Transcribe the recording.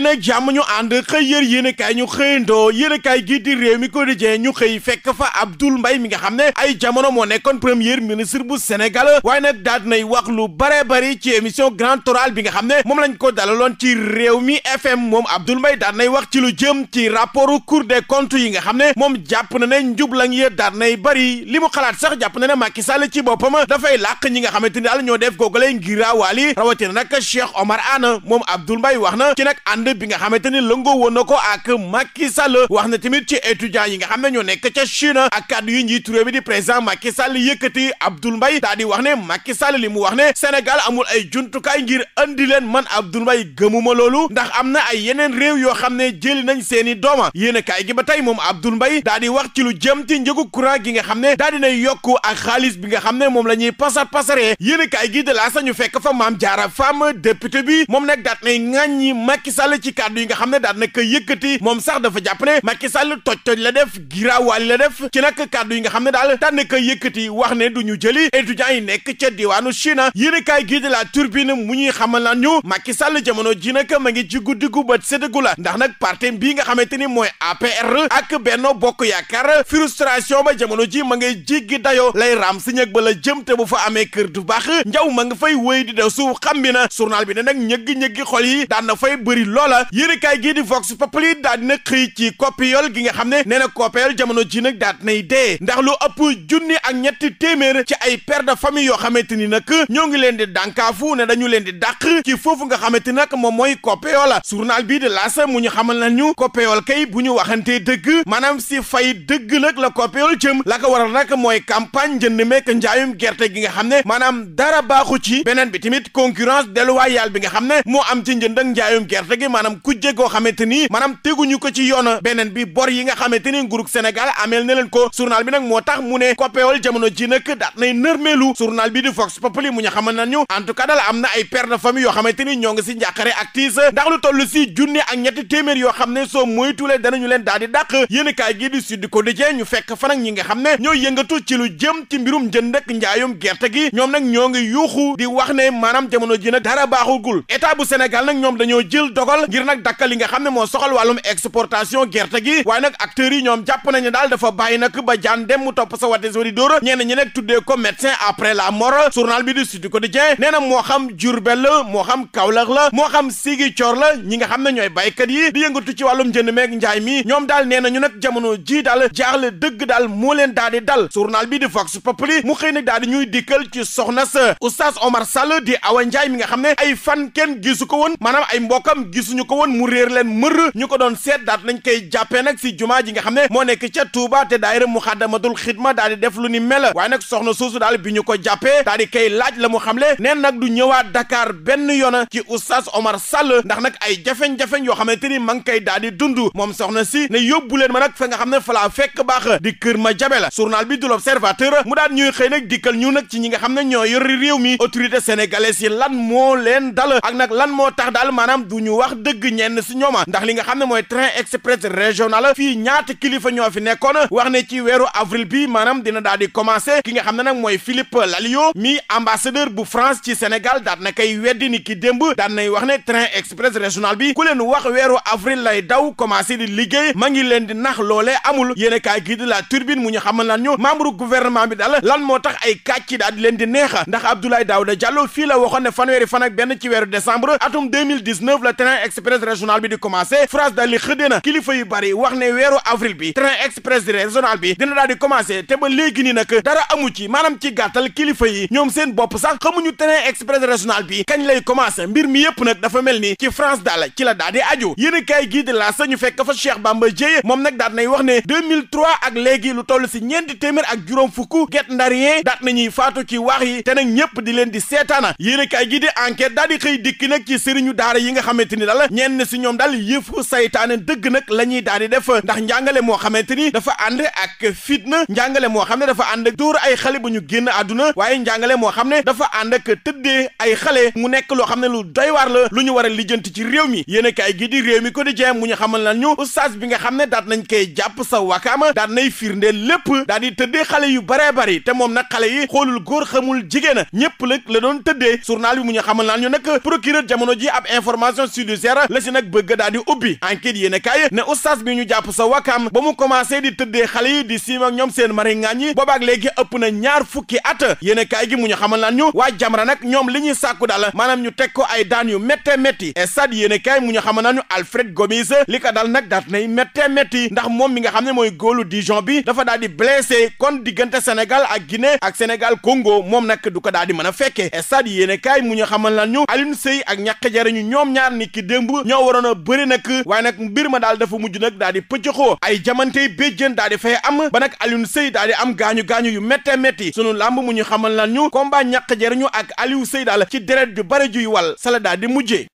dali nag jàmm ñu ànd xëy yër yéenekaay ñu xëyandoo yéenekaay gi di réew mi quotidien ñu xëy fekk fa Abdoul mbay mi nga xam ne ay jamono moo nekkoon premier ministre bu Sénégal waaye nag daal dinay wax lu bare bari ci émission Grand Oral bi nga xam ne moom lañ ko dalaloon ci réew mi FM moom Abdoul Mbaye daal nay wax ci lu jëm ci rapportu Cour des comptes yi nga xam ne moom jàpp na ne njublaŋ ya daal nay bari li mu xalaat sax jàpp na ne Macky Sall ci boppam dafay làq ñi nga xamante ni daal ñoo def googale ngiraawaali rawatina nag Cheikh Omar Anne moom Abdoul Mbaye wax ànd bi nga xamante ni lëngoo woon na ko ak Macky Sall wax na tamit ci étudiants yi nga xam ne ñoo nekk ca ak kàddu yu njiitu réew di président Macky Sall yëkkati Abdoul Mbaye daal di wax ne Macky Sall li mu wax ne Sénégal amul ay jumtukaay ngir andi man Abdoul Mbaye gëmuma loolu ndax am na ay yeneen réew yoo xam ne jëli nañ seeni dooma yéen kaay gi ba tey moom Abdoul Mbaye daal di wax ci lu jëm ci njëgu courant gi nga xam ne daal dinay yokk a xaalis bi nga xam ne la ñuy pasar pasaree yéen kaay gi Sall ci kàddu yi nga xam ne daan na ko yëkkati moom sax dafa jàpp ne Macky Sall toj-toj la def giraawaali la def ci nag kàddu yi nga xam ne daal daan na ko yëkkati wax ne du ñu jëli étudiants yi nekk ca diwaanu Chine yéen kaay gii de la turbine mu ñuy xamal naan ñu Macky Sall jamono ji nag ma ngi ji guddi gu bët séddagu la ndax nag parte bii nga xamante ni mooy APR ak Benno Bokk Yaakaar frustration ba jamono ji ma ngay jéggi dayo lay raam si ñëg ba la jëm te bu fa kër du baax njaw ma nga fay wéy di dew su xam na journal bi ne nag ñëgg-ñëggi xol yi daan na fay loola yéen kaay gii di Vox Populi daa dina xëy ci copiol gi nga xam ne nee na copiol jamono ji nag daa dinay dee ndax lu ëpp junni ak ñetti téeméer ci ay père de famille yoo xamante ni nag ñoo ngi leen di dànkaafu ne dañu leen di dàq ci foofu nga xamante ni nag moom mooy copiol journal bii la laas mu ñu xamal ñu copiol kay bu ñu waxantee dëgg maanaam si fay dëgg nag la copiol jëm la ko waral nag mooy campagne njënd meek njaayum gerte gi nga xam ne maanaam dara baaxu ci beneen bi tamit concurrence déloyale bi nga xam ne moo am ci njënd ak njaayum gerte maanaam kujje goo xamante ni maanaam teguñu ko ci yoon beneen bi bor yi nga xamante ni nguurug Sénégal ameel na leen ko journal bi nag moo tax mu ne koppeewal jamono ji nag daat nay nërmeelu journal bi di Vox Populi mu ñu xamal nañu en tout cas daal am na ay père de famille yoo xamante ni ñoo ngi si njàqare ak tiis ndax lu toll si junne ak ñetti téeméer yoo xam ne soo moytuwulee danañu leen daal di dàq yéen kaay gii di ko Quotidien ñu fekk fan ak ñi nga xam ne ñoo yëngatu ci lu jëm ci mbirum jënd ak njaayum gerte gi ñoom nag ñoo ngi yuuxu di wax ne maanaam jamono ji nag dara baaxugul état bu Sénégal nag ñoom dañoo jël dogal daal ngir nag dakkal li nga xam ne moo soxal wàllum exportation gerte gi waaye nag acteurs yi ñoom jàpp nañu daal dafa bàyyi nag ba jaan dem mu topp sa wate sori dóor ñenn ñi nag tuddee ko médecin après la mort journal bi di Sud Quotidien nee na moo xam Jurbel la moo xam Kaolack la moo xam Sigicoor la ñi nga xam ne ñooy baykat yi di yëngatu ci wàllum njënd meeg njaay mi ñoom daal nee ñu nag jamono ji daal jaaxle dëgg daal moo leen daal dal journal gisuñu ko woon mu réer leen mër ñu ko doon seet daat nañ koy jàppee nag si jumaa ji nga xam ne moo nekk ca Touba te daayira Muxaddamatul Xidma daal di def lu ni mel waaye nag soxna suusu daal bi ñu ko jàppee daal di koy laaj la mu xamle neen nag du ñëwaat dakaar benn yoon ci oustaz Omar Sall ndax nag ay jafeñ-jafeñ yoo xamante ni ma ngi koy daal di dund moom soxna si ne yóbbu leen ma nag fa nga xam ne fa laa fekk baax di kër ma jabe la journal bi du l'Observateur mu daan ñuy xëy nag dikkal ñu nag ci ñi nga xam ne ñoo yor réew mi autorité sénégalaise yi lan moo leen dal ak nag lan moo tax daal maanaam du ñu wax dëgg ñenn si ñooma ndax li nga xam ne mooy train express régional fii ñaata kilifa ñoo fi nekkoon wax ne ci weeru avril bi maanaam dina daal di ki nga xam ne nag mooy Philippe Lalliot mi ambassadeur bu France ci Sénégal daat na koy weddi ni ki démb daat nay wax ne train express régional bi ku leen wax weeru avril lay daw commencé di liggéey ma ngi leen nax loolee amul yéen a kaay la turbine mu ñu xamal lan ñu membre gouvernement bi daal lan moo tax ay kàcc ci weeru décembre express régional bi di commencé France daal na kilifa yu bari wax ne weeru avril bi train express régional bi dina daal di commencé te ba léegi nii nag dara amu ci maanaam ci gàttal kilifa yi ñoom seen bopp sax xamuñu train express régional bi kañ lay commencé mbir mi yëpp nag dafa mel ni ci France daal ci la daal di aju yéen a kaay gii di la sañu fekk fa Cheikh Bamba Dièye moom nag daad nay wax ne 2003 léegi lu toll si ñeenti téeméer ak juróom fukk get ndar yee daat nañuy faatu ci wax yi te nag ñëpp di leen di seetaana yéen a kaay gii di enquête daal di xëy dikk yi nga xamante ni daal daal ñenn si ñoom daal yëfu saytaane dëgg nag la ñuy daal di def ndax njàngale moo xamante ni dafa ànd ak fitna njàngale moo xam ne dafa ànd ak ay xale bu génn àdduna waaye njàngale moo xam ne dafa ànd ak tëddee ay xale mu nekk loo xam ne lu doy waar lu ñu war a lijjanti ci réew mi yéen a kaay gi di réew mi quotidien mu ñu xamal lan ñu bi nga xam ne daat nañ koy jàpp sa wakaama daat nay firndee lépp daal di tëddee xale yu baree bari te moom na xale yi xoolul góor xamul jigéen ñëpp la la doon tëddee journal mu ñu xamal ji ab information sudise judiciaire la si nag bëgg daal di ubbi enquête yéen a kaay ne oustaz bi ñu jàpp sa wakaam ba mu commencé di tëddee xale yi di siim ñoom seen mari ngaañ yi boobaak léegi ëpp na ñaar fukki at yéen a kaay gi mu ñu xamal naan ñu waa jamra nag ñoom li ñuy sàkku daal maanaam ñu teg ko ay daan yu métte métti stade yéen a kaay mu ñu xamal naan ñu Alfred Gomis li ko dal nag daat nay métte métti ndax moom mi nga xam ne mooy góolu Dijon bi dafa daal di kon diggante Sénégal ak Guinée ak Sénégal Congo moom nag du ko daal di mën a fekke stade yéen kaay mu ñu xamal naan ñu Alioune Sèye ak ñàkk jariñu ñoom ñaar ni ki démb ñoo waroon a bëri nag waaye nag mbir ma daal dafa mujj nag daal di pëccëxoo ay jamantey béjjën daal di fay am ba nag Alioune Seye am gaañu-gaañu yu métte métti su làmb mu ñu xamal lan ñu combat ñàq jariñu ak Aliou Seye daal ci deret ju bare juy wal sala daal di mujjee